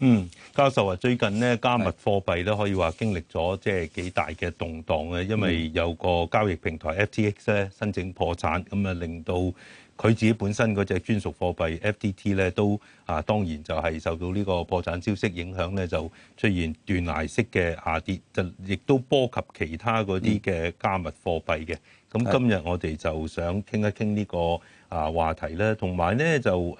嗯，教授啊，最近咧加密貨幣咧可以話經歷咗即係幾大嘅動蕩咧，因為有個交易平台 FTX 咧申請破產，咁啊令到佢自己本身嗰隻專屬貨幣 FTT 咧都啊當然就係受到呢個破產消息影響咧，就出現斷崖式嘅下跌，就亦都波及其他嗰啲嘅加密貨幣嘅。咁今日我哋就想傾一傾呢個啊話題咧，同埋咧就誒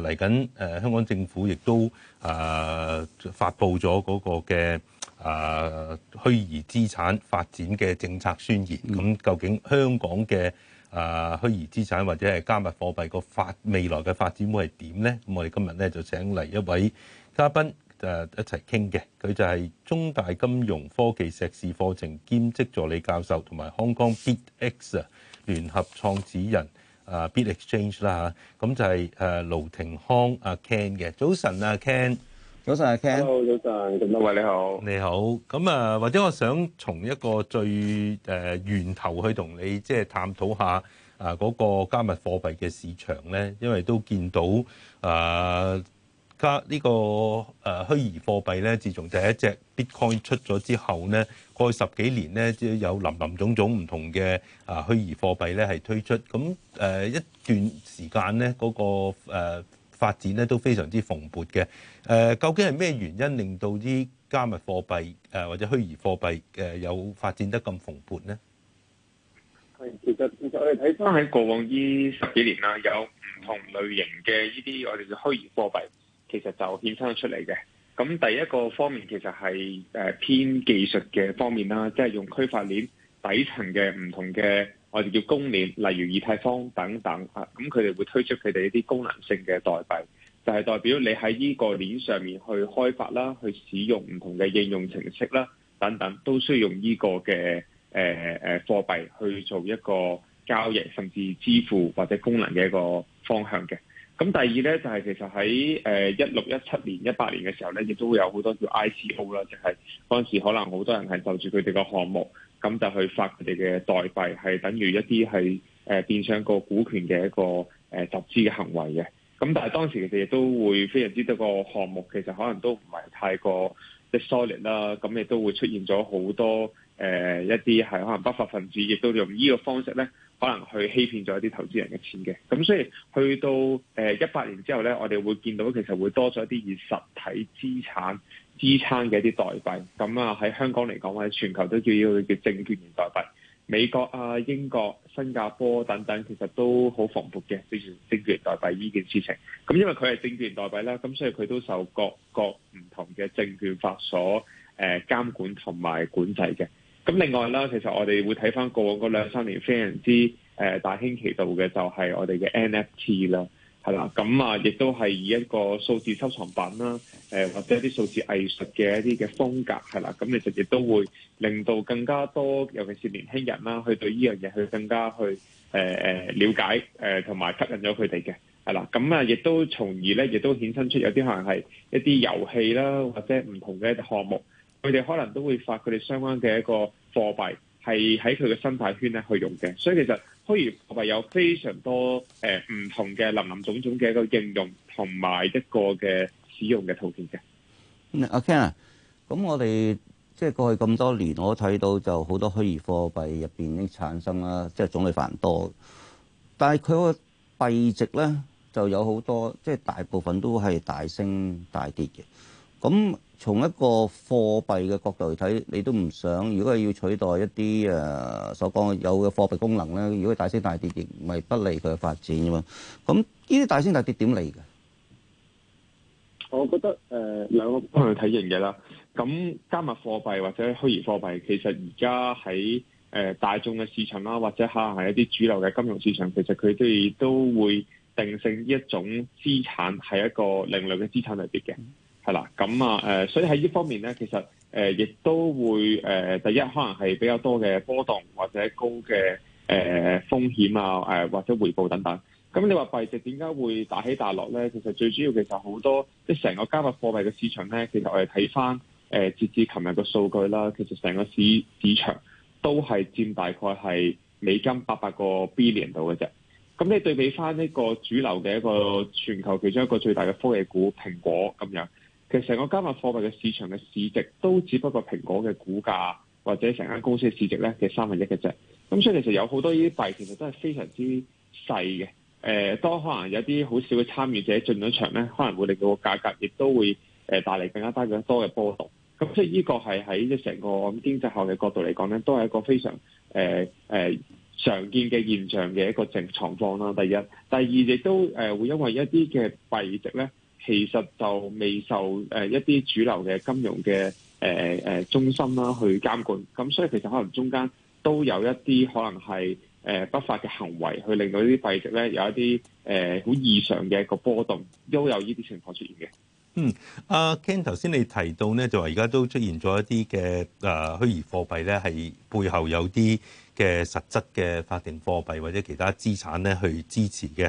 嚟緊誒香港政府亦都誒、啊、發布咗嗰個嘅啊虛擬資產發展嘅政策宣言。咁究竟香港嘅啊虛擬資產或者係加密貨幣個發未來嘅發展會係點咧？咁我哋今日咧就請嚟一位嘉賓。一齊傾嘅，佢就係中大金融科技碩士課程兼職助理教授，同埋 Hong Kong bitEX 啊，聯合創始人 Exchange，啊 BitExchange 啦嚇，咁就係誒盧廷匡阿 Ken 嘅。早晨啊 Ken，早晨啊 Ken。好早晨，咁多位你好。你好，咁啊，或者我想從一個最誒源頭去同你即係探討下啊嗰個加密貨幣嘅市場咧，因為都見到啊。家呢個誒虛擬貨幣咧，自從第一隻 Bitcoin 出咗之後咧，過去十幾年咧，就有林林種種唔同嘅啊虛擬貨幣咧係推出，咁誒一段時間咧，嗰個誒發展咧都非常之蓬勃嘅。誒究竟係咩原因令到啲加密貨幣誒或者虛擬貨幣嘅有發展得咁蓬勃呢？係，其實其實我哋睇翻喺過往呢十幾年啦，有唔同類型嘅呢啲我哋叫虛擬貨幣。其實就衍生出嚟嘅，咁第一個方面其實係誒偏技術嘅方面啦，即係用區塊鏈底層嘅唔同嘅我哋叫公鏈，例如以太坊等等嚇，咁佢哋會推出佢哋一啲功能性嘅代幣，就係代表你喺依個鏈上面去開發啦，去使用唔同嘅應用程式啦等等，都需要用呢個嘅誒呃貨幣去做一個交易甚至支付或者功能嘅一個方向嘅。咁第二咧，就係、是、其實喺誒一六一七年、一八年嘅時候咧，亦都會有好多叫 ICO 啦，就係嗰陣時可能好多人係就住佢哋個項目，咁就去發佢哋嘅代幣，係等於一啲係誒變相個股權嘅一個誒、呃、集資嘅行為嘅。咁但係當時其實亦都會非常之多、嗰個項目，其實可能都唔係太過即 solid 啦。咁亦都會出現咗好多誒、呃、一啲係可能不法分子，亦都用呢個方式咧。可能去欺騙咗一啲投資人嘅錢嘅，咁所以去到誒一八年之後呢，我哋會見到其實會多咗一啲以實體資產支撐嘅一啲代幣。咁啊喺香港嚟講，喺全球都叫叫叫證券代幣。美國啊、英國、新加坡等等，其實都好蓬勃嘅，證券代幣呢件事情。咁因為佢係證券代幣啦，咁所以佢都受各國唔同嘅證券法所誒、呃、監管同埋管制嘅。咁另外啦，其實我哋會睇翻過往嗰兩三年非常之誒、呃、大行其道嘅，就係我哋嘅 NFT 啦，係啦，咁啊，亦都係以一個數字收藏品啦，誒、呃、或者一啲數字藝術嘅一啲嘅風格，係啦，咁其實亦都會令到更加多，尤其是年輕人啦，去對呢樣嘢去更加去誒誒瞭解，誒同埋吸引咗佢哋嘅，係啦，咁啊，亦都從而咧，亦都衍生出有啲可能係一啲遊戲啦，或者唔同嘅項目。佢哋可能都會發佢哋相關嘅一個貨幣，係喺佢嘅生態圈咧去用嘅，所以其實虛擬貨幣有非常多誒唔同嘅林林總總嘅一個應用同埋一個嘅使用嘅途徑嘅。阿 Ken 啊，咁我哋即係過去咁多年，我睇到就好多虛擬貨幣入邊已經產生啦，即係種類繁多，但係佢個幣值咧就有好多，即係大部分都係大升大跌嘅。咁從一個貨幣嘅角度嚟睇，你都唔想，如果係要取代一啲誒所講有嘅貨幣功能咧，如果大升大跌，亦唔係不利佢嘅發展啊嘛。咁呢啲大升大跌點嚟嘅？我覺得誒兩個睇嘅嘢啦。咁加密貨幣或者虛擬貨幣其實而家喺誒大眾嘅市場啦，或者可能係一啲主流嘅金融市場，其實佢哋都會定性一種資產係一個另類嘅資產類別嘅。係啦，咁啊，誒、呃，所以喺呢方面咧，其實誒，亦、呃、都會誒、呃，第一可能係比較多嘅波動或者高嘅誒、呃、風險啊，誒、呃、或者回報等等。咁你話幣值點解會大起大落咧？其實最主要其實好多即係成個加密貨幣嘅市場咧，其實我哋睇翻誒截至琴日嘅數據啦，其實成個市市場都係佔大概係美金八百個 billion 度嘅啫。咁你對比翻呢個主流嘅一個全球其中一個最大嘅科技股蘋果咁樣。其實成個加密貨幣嘅市場嘅市值都只不過蘋果嘅股價或者成間公司嘅市值咧嘅三分一嘅啫。咁所以其實有好多呢啲幣值，其實，就有很多這些其實都係非常之細嘅。誒、呃，當可能有啲好少嘅參與者進咗場咧，可能會令到個價格亦都會誒帶嚟更加低、更加多嘅波動。咁所以呢個係喺一成個咁、呃、經濟學嘅角度嚟講咧，都係一個非常誒誒、呃呃、常見嘅現象嘅一個正常況啦。第一，第二亦都誒會因為一啲嘅幣值咧。其實就未受誒一啲主流嘅金融嘅誒誒中心啦去監管，咁所以其實可能中間都有一啲可能係誒不法嘅行為，去令到呢啲幣值咧有一啲誒好異常嘅一個波動，都有呢啲情況出現嘅。嗯，阿 Ken 頭先你提到呢，就話而家都出現咗一啲嘅誒虛擬貨幣咧，係背後有啲嘅實質嘅法定貨幣或者其他資產咧去支持嘅。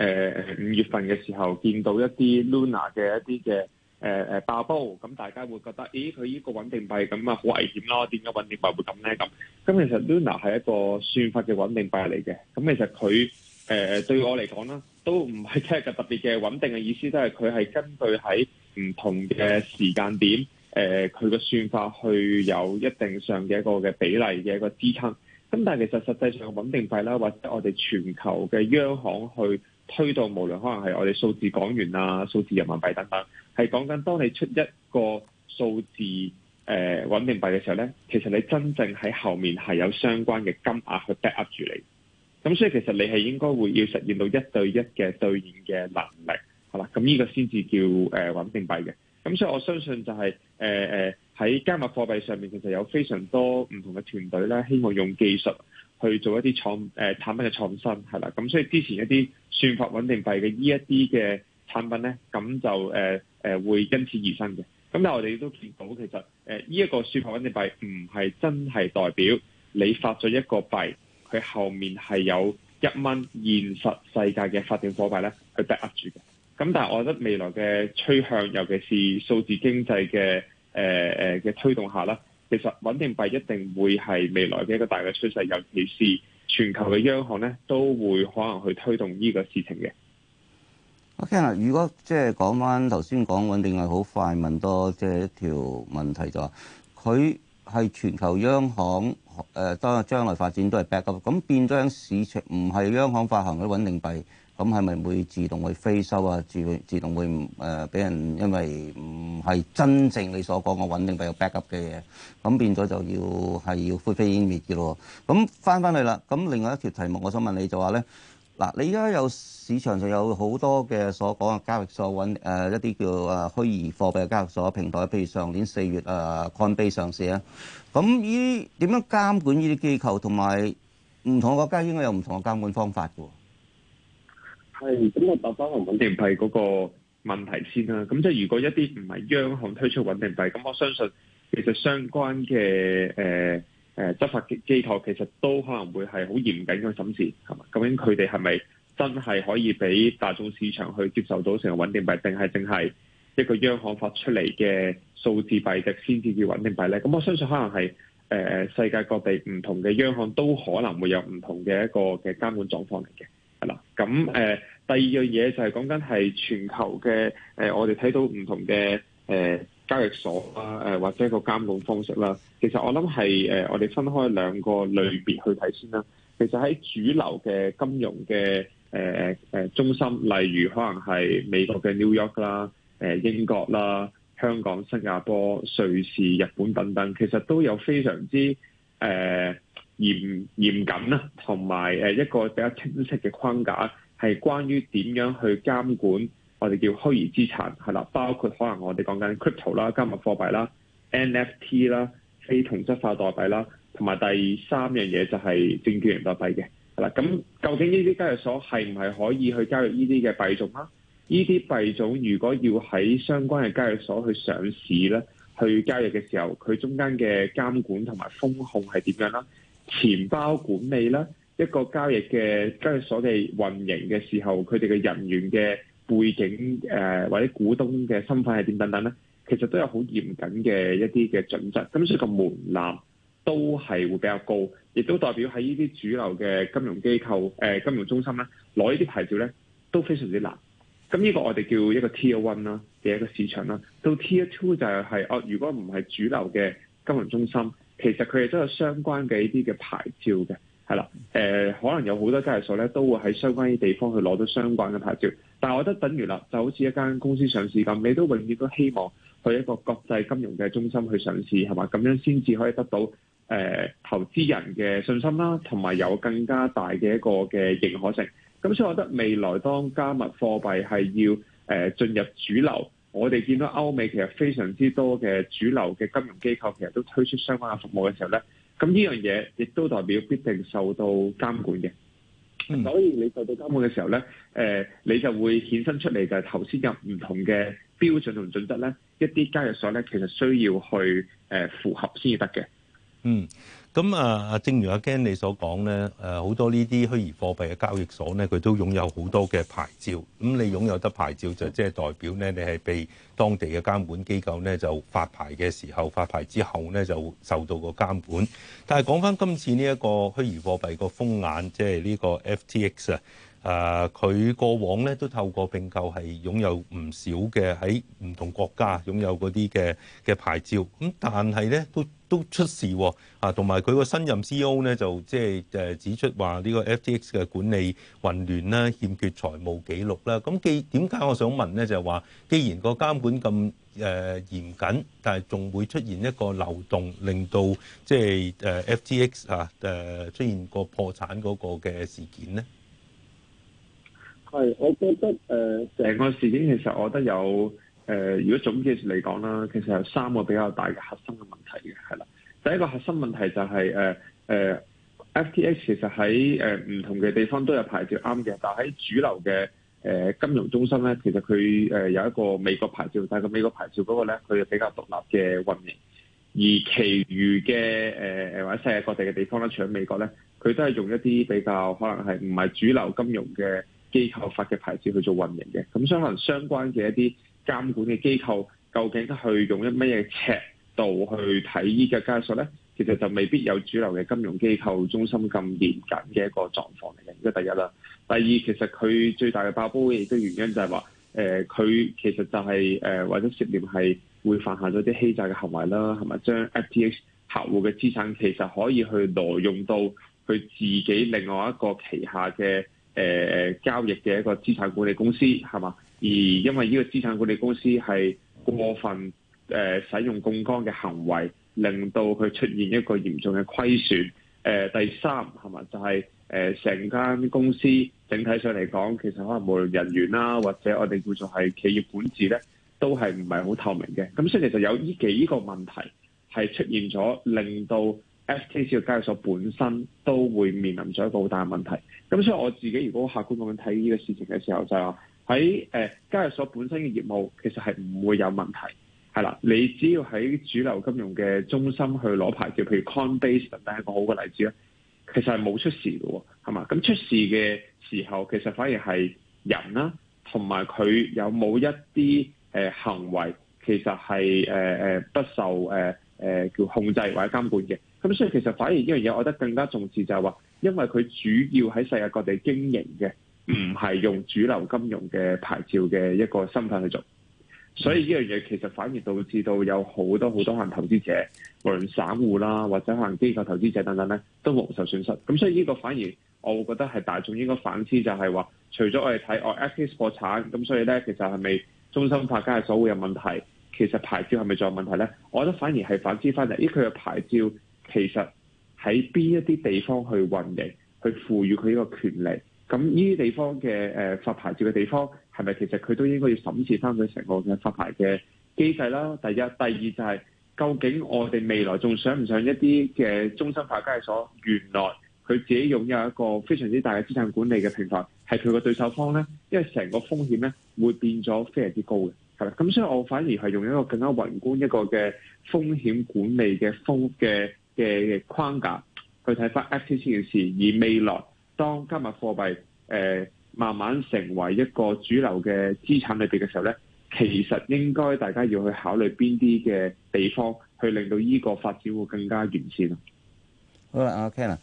誒五、呃、月份嘅時候見到一啲 Luna 嘅一啲嘅誒誒爆煲，咁大家會覺得，咦佢呢個穩定幣咁啊好危險咯，點解穩定幣會咁咧？咁咁其實 Luna 係一個算法嘅穩定幣嚟嘅，咁其實佢誒、呃、對我嚟講啦，都唔係一個特別嘅穩定嘅意思，都係佢係根據喺唔同嘅時間點，誒佢嘅算法去有一定上嘅一個嘅比例嘅一個支撐。咁但係其實實際上穩定幣啦，或者我哋全球嘅央行去。推到無論可能係我哋數字港元啊、數字人民幣等等，係講緊當你出一個數字誒、呃、穩定幣嘅時候咧，其實你真正喺後面係有相關嘅金額去 back up 住你。咁所以其實你係應該會要實現到一對一嘅對應嘅能力，係嘛？咁呢個先至叫誒、呃、穩定幣嘅。咁所以我相信就係、是呃呃喺加密貨幣上面，其實有非常多唔同嘅團隊咧，希望用技術去做一啲創誒、呃、產品嘅創新，係啦。咁所以之前一啲算法穩定幣嘅呢一啲嘅產品咧，咁就誒誒、呃呃、會因此而生嘅。咁但係我哋都見到，其實誒呢一個算法穩定幣唔係真係代表你發咗一個幣，佢後面係有一蚊現實世界嘅法定貨幣咧去壓住嘅。咁但係我覺得未來嘅趨向，尤其是數字經濟嘅。誒誒嘅推動下啦，其實穩定幣一定會係未來嘅一個大嘅趨勢，尤其是全球嘅央行咧都會可能去推動呢個事情嘅。OK 啦，如果即係講翻頭先講穩定幣，好快問多即係一條問題就話，佢係全球央行誒，當日將來發展都係 back up 咁變咗，市場唔係央行發行嘅穩定幣。咁係咪會自動會飛收啊？自自動會誒俾人，因為唔係真正你所講嘅穩定幣有 backup 嘅嘢，咁變咗就要係要灰飛煙滅嘅咯。咁翻返去啦。咁另外一條題目，我想問你就話咧，嗱，你而家有市場上有好多嘅所講嘅交易所揾誒一啲叫誒虛擬貨幣嘅交易所平台，譬如上年四月誒 Coinbase 上市啊。咁呢點樣監管呢啲機構，同埋唔同國家應該有唔同嘅監管方法嘅。係咁，我擔返，係穩定幣嗰個問題先啦。咁即係如果一啲唔係央行推出穩定幣，咁我相信其實相關嘅誒誒執法機機構其實都可能會係好嚴謹嘅審視，係嘛？究竟佢哋係咪真係可以俾大眾市場去接受到成個穩定幣，定係淨係一個央行發出嚟嘅數字幣嘅先至叫穩定幣咧？咁我相信可能係誒、呃、世界各地唔同嘅央行都可能會有唔同嘅一個嘅監管狀況嚟嘅，係啦。咁誒。呃第二樣嘢就係講緊係全球嘅、呃、我哋睇到唔同嘅、呃、交易所啊、呃，或者個監管方式啦。其實我諗係、呃、我哋分開兩個類別去睇先啦。其實喺主流嘅金融嘅、呃呃、中心，例如可能係美國嘅 New York 啦、呃、英國啦、香港、新加坡、瑞士、日本等等，其實都有非常之呃嚴嚴謹啦，同埋、呃、一個比較清晰嘅框架。係關於點樣去監管我哋叫虛擬資產係啦，包括可能我哋講緊 crypto 啦、加密貨幣啦、NFT 啦、非同質化代幣啦，同埋第三樣嘢就係證券型代幣嘅。係啦，咁究竟呢啲交易所係唔係可以去交易呢啲嘅幣種啦？呢啲幣種如果要喺相關嘅交易所去上市咧，去交易嘅時候，佢中間嘅監管同埋風控係點樣啦？錢包管理啦。一個交易嘅交易所嘅運營嘅時候，佢哋嘅人員嘅背景，誒、呃、或者股東嘅身份係點等等呢？其實都有好嚴謹嘅一啲嘅準則，咁所以個門檻都係會比較高，亦都代表喺呢啲主流嘅金融機構誒、呃、金融中心呢，攞呢啲牌照呢都非常之難。咁呢個我哋叫一個 Tier One 啦嘅一個市場啦，到 Tier Two 就係、是、哦，如果唔係主流嘅金融中心，其實佢哋都有相關嘅呢啲嘅牌照嘅。係啦、呃，可能有好多交易所咧，都會喺相關啲地方去攞到相關嘅牌照。但係我覺得等於啦，就好似一間公司上市咁，你都永遠都希望去一個國際金融嘅中心去上市，係嘛？咁樣先至可以得到、呃、投資人嘅信心啦，同埋有更加大嘅一個嘅認可性。咁所以，我覺得未來當加密貨幣係要誒、呃、進入主流，我哋見到歐美其實非常之多嘅主流嘅金融機構，其實都推出相關嘅服務嘅時候咧。咁呢樣嘢亦都代表必定受到監管嘅，所以你受到監管嘅時候咧、呃，你就會衍生出嚟就係頭先有唔同嘅標準同準則咧，一啲交易所咧其實需要去誒、呃、符合先至得嘅。嗯，咁啊，正如阿 Ken 你所講咧，誒好多呢啲虛擬貨幣嘅交易所咧，佢都擁有好多嘅牌照。咁你擁有得牌照就即係代表咧，你係被當地嘅監管機構咧就發牌嘅時候發牌之後咧就受到個監管。但係講翻今次呢一個虛擬貨幣個風眼，即係呢個 FTX 啊。誒佢、啊、過往咧都透過並購係擁有唔少嘅喺唔同國家擁有嗰啲嘅嘅牌照，咁但係咧都都出事啊！同埋佢個新任 CEO 咧就即係誒指出話呢個 FTX 嘅管理混亂啦，欠缺財務紀錄記錄啦。咁既點解我想問咧？就係、是、話，既然那個監管咁誒、呃、嚴謹，但係仲會出現一個漏洞，令到即、就、係、是、誒、呃、FTX 啊誒、呃、出現個破產嗰個嘅事件咧？係，我覺得誒，成、呃、個事件其實我覺得有誒、呃，如果總結嚟講啦，其實有三個比較大嘅核心嘅問題嘅，係啦。第一個核心問題就係、是、誒誒、呃、FTX 其實喺誒唔同嘅地方都有牌照啱嘅，但係喺主流嘅誒、呃、金融中心咧，其實佢誒有一個美國牌照，但係個美國牌照嗰個咧，佢係比較獨立嘅運營。而其餘嘅誒、呃、或者世界各地嘅地方咧，除咗美國咧，佢都係用一啲比較可能係唔係主流金融嘅機構發嘅牌子去做運營嘅，咁所以可能相關嘅一啲監管嘅機構，究竟去用一咩嘢尺度去睇依個加索咧？其實就未必有主流嘅金融機構中心咁嚴謹嘅一個狀況嚟嘅。咁即係第一啦，第二其實佢最大嘅爆煲亦都原因就係、是、話，誒、呃、佢其實就係誒或者涉嫌係會犯下咗啲欺詐嘅行為啦，係咪將 FTX 客戶嘅資產其實可以去挪用到佢自己另外一個旗下嘅？誒、呃、交易嘅一個資產管理公司係嘛？而因為呢個資產管理公司係過分誒、呃、使用槓杆嘅行為，令到佢出現一個嚴重嘅虧損。誒、呃、第三係嘛？就係誒成間公司整體上嚟講，其實可能無論人員啦、啊，或者我哋叫做係企業管治咧，都係唔係好透明嘅。咁所以其實有呢幾個問題係出現咗，令到。S K C 嘅交易所本身都會面臨咗一個好大嘅問題，咁所以我自己如果客觀咁樣睇呢個事情嘅時候，就係話喺誒交易所本身嘅業務其實係唔會有問題，係啦，你只要喺主流金融嘅中心去攞牌照，譬如 Coinbase 等等係個好嘅例子啦，其實係冇出事嘅，係嘛？咁出事嘅時候，其實反而係人啦，同埋佢有冇一啲誒、呃、行為，其實係誒誒不受誒誒、呃呃、叫控制或者監管嘅。咁所以其實反而呢樣嘢，我覺得更加重視就係話，因為佢主要喺世界各地經營嘅，唔係用主流金融嘅牌照嘅一個身份去做，所以呢樣嘢其實反而導致到有好多好多人投資者，無論散戶啦，或者可能機構投資者等等咧，都蒙受損失。咁所以呢個反而我會覺得係大眾應該反思就，就係話，除咗我哋睇哦 FTX 破產，咁所以咧其實係咪中心化交易所會有問題？其實牌照係咪仲有問題咧？我覺得反而係反思翻嚟，咦佢嘅牌照。其實喺邊一啲地方去運營，去賦予佢呢個權利，咁呢啲地方嘅誒、呃、發牌照嘅地方，係咪其實佢都應該要審視翻佢成個嘅發牌嘅機制啦？第一，第二就係、是、究竟我哋未來仲想唔想一啲嘅中心化交易所，原來佢自己擁有一個非常之大嘅資產管理嘅平台，係佢個對手方呢，因為成個風險呢會變咗非常之高嘅，係啦。咁所以我反而係用一個更加宏觀一個嘅風險管理嘅風嘅。嘅框架去睇翻 FTX 件事，而未來當加密貨幣誒慢慢成為一個主流嘅資產裏邊嘅時候呢，其實應該大家要去考慮邊啲嘅地方去令到呢個發展會更加完善。好啦，阿 Ken 啊,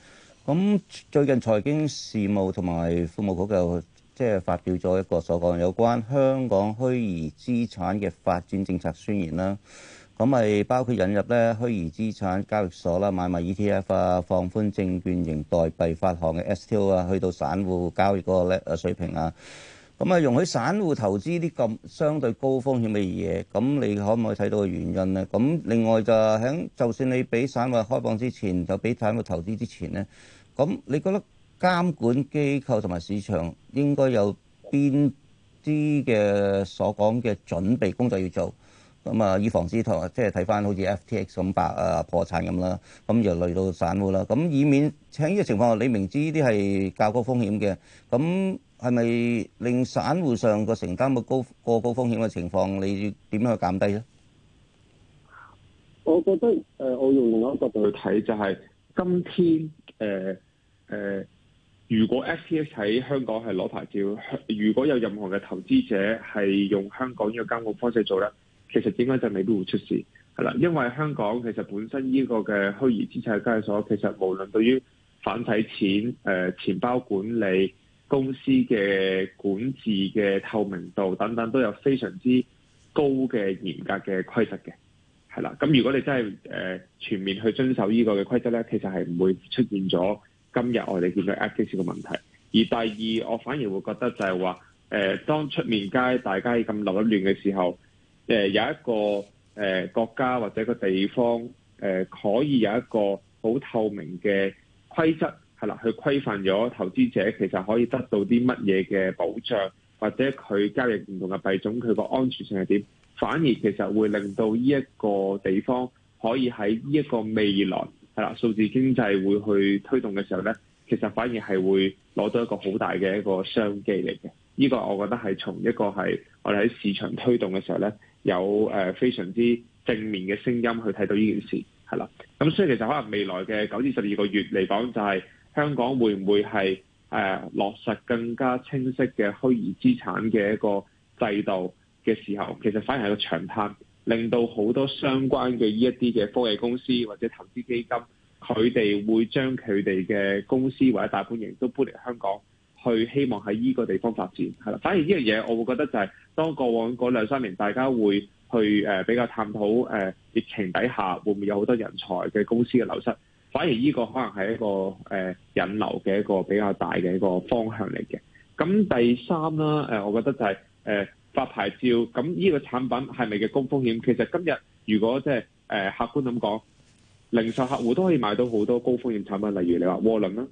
咁最近財經事務同埋庫務局就即係發表咗一個所講有關香港虛擬資產嘅發展政策宣言啦。咁咪包括引入咧虛擬資產交易所啦，買賣 ETF 啊，放寬證券型代幣發行嘅 STO 啊，去到散戶交易嗰個咧誒水平啊。咁啊，容許散戶投資啲咁相對高風險嘅嘢，咁你可唔可以睇到個原因咧？咁另外就喺就算你俾散戶開放之前，就俾散戶投資之前咧，咁你覺得監管機構同埋市場應該有邊啲嘅所講嘅準備工作要做？咁啊，以防止同即係睇返好似 F T X 咁白啊破產咁啦，咁又累到散戶啦。咁以免喺呢個情況下，你明知呢啲係較高風險嘅，咁係咪令散戶上個承擔個高過高風險嘅情況？你要點樣去減低咧？我覺得誒，我用另一個角度去睇就係、是、今天誒誒、呃呃，如果 F T X 喺香港係攞牌照，如果有任何嘅投資者係用香港呢個監控方式做咧。其實點解就未必會出事，係啦，因為香港其實本身呢個嘅虛擬資產交易所，其實無論對於反洗錢、誒、呃、錢包管理公司嘅管治嘅透明度等等，都有非常之高嘅嚴格嘅規則嘅，係啦。咁如果你真係誒、呃、全面去遵守呢個嘅規則咧，其實係唔會出現咗今日我哋見到 FTX 嘅問題。而第二，我反而會覺得就係話，誒、呃、當出面街大家咁鬧一亂嘅時候，誒，有一個誒，國家或者個地方，誒，可以有一個好透明嘅規則係啦，去規範咗投資者其實可以得到啲乜嘢嘅保障，或者佢交易唔同嘅幣種佢個安全性係點？反而其實會令到呢一個地方可以喺呢一個未來係啦，數字經濟會去推動嘅時候咧，其實反而係會攞到一個好大嘅一個商機嚟嘅。呢個我覺得係從一個係我哋喺市場推動嘅時候咧。有誒非常之正面嘅聲音去睇到呢件事係啦，咁所以其實可能未來嘅九至十二個月嚟講，就係香港會唔會係誒、呃、落實更加清晰嘅虛擬資產嘅一個制度嘅時候，其實反而係個長灘，令到好多相關嘅呢一啲嘅科技公司或者投資基金，佢哋會將佢哋嘅公司或者大本營都搬嚟香港。去希望喺呢個地方發展係啦，反而呢樣嘢我會覺得就係、是、當過往嗰兩三年大家會去誒、呃、比較探討誒、呃、疫情底下會唔會有好多人才嘅公司嘅流失，反而呢個可能係一個誒、呃、引流嘅一個比較大嘅一個方向嚟嘅。咁第三啦，誒，我覺得就係、是、誒、呃、發牌照，咁呢個產品係咪嘅高風險？其實今日如果即係誒客觀咁講，零售客戶都可以買到好多高風險產品，例如你話窩輪啦。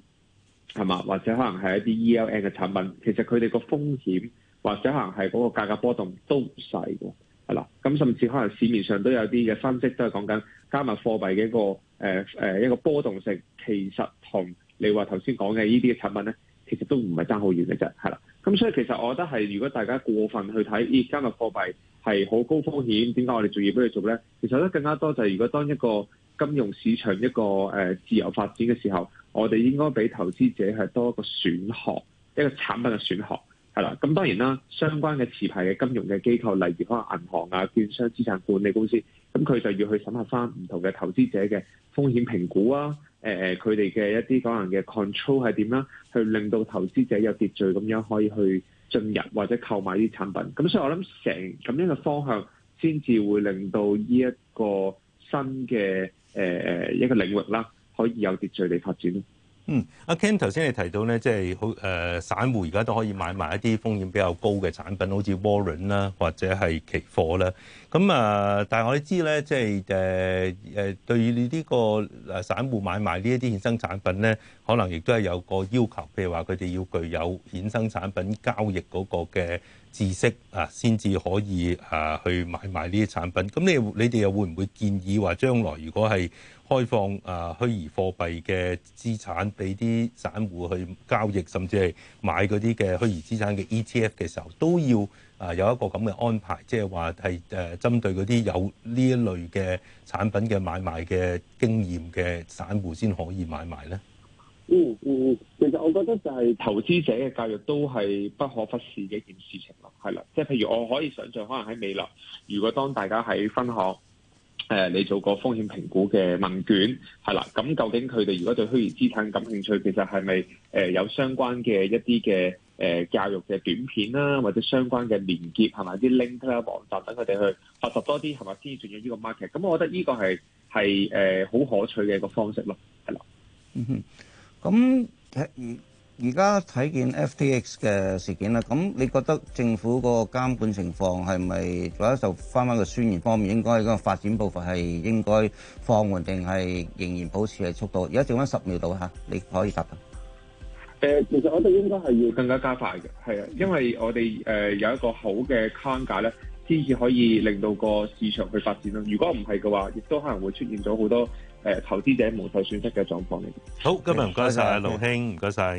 係嘛，或者可能係一啲 ELN 嘅產品，其實佢哋個風險或者可能係嗰個價格波動都唔細嘅，係啦。咁甚至可能市面上都有啲嘅分析都係講緊加密貨幣嘅一個誒誒、呃呃、一個波動性，其實同你話頭先講嘅呢啲嘅產品咧，其實都唔係爭好遠嘅啫，係啦。咁所以其實我覺得係，如果大家過分去睇，咦、哎、加密貨幣係好高風險，點解我哋仲要俾你做咧？其實咧更加多就係、是、如果當一個。金融市場一個誒自由發展嘅時候，我哋應該俾投資者係多一個選項，一個產品嘅選項，係啦。咁當然啦，相關嘅持牌嘅金融嘅機構，例如可能銀行啊、券商、資產管理公司，咁佢就要去審核返唔同嘅投資者嘅風險評估啊，誒佢哋嘅一啲可能嘅 control 係點啦，去令到投資者有秩序咁樣可以去進入或者購買啲產品。咁所以我諗成咁樣嘅方向，先至會令到呢一個新嘅。誒誒一個領域啦，可以有秩序地發展。嗯，阿 Ken 頭先你提到咧，即係好誒，散戶而家都可以買埋一啲風險比較高嘅產品，好似 Warrant 啦，或者係期貨啦。咁啊，但係我哋知咧，即係誒誒，對於你呢個誒，散戶買埋呢一啲衍生產品咧，可能亦都係有個要求，譬如話佢哋要具有衍生產品交易嗰個嘅。知識啊，先至可以啊去買賣呢啲產品。咁你你哋又會唔會建議話，將來如果係開放啊虛擬貨幣嘅資產俾啲散戶去交易，甚至係買嗰啲嘅虛擬資產嘅 ETF 嘅時候，都要啊有一個咁嘅安排，即係話係誒針對嗰啲有呢一類嘅產品嘅買賣嘅經驗嘅散戶先可以買賣咧？嗯，嗯其實我覺得就係投資者嘅教育都係不可忽視嘅一件事情咯，係啦，即係譬如我可以想象，可能喺未來，如果當大家喺分行，誒、呃，你做過風險評估嘅問卷，係啦，咁究竟佢哋如果對虛擬資產感興趣，其實係咪誒有相關嘅一啲嘅誒教育嘅短片啦，啊，或者相關嘅連結，係咪啲 link 啦，啊、網站等佢哋去學習多啲，係咪先，進入呢個 market，咁我覺得呢個係係誒好可取嘅一個方式咯，係啦，嗯哼。咁而而家睇見 FTX 嘅事件啦，咁你覺得政府個監管情況係咪？而家就翻翻個宣言方面，應該個發展步伐係應該放緩定係仍然保持係速度？而家剩翻十秒度吓，你可以答嘅。誒，其實我哋應該係要更加加快嘅，係啊，因為我哋誒有一個好嘅框架咧，先至可以令到個市場去發展咯。如果唔係嘅話，亦都可能會出現咗好多。誒投資者無受損失嘅狀況嚟。好，今日唔該晒，啊 Okay.，盧兄唔該晒。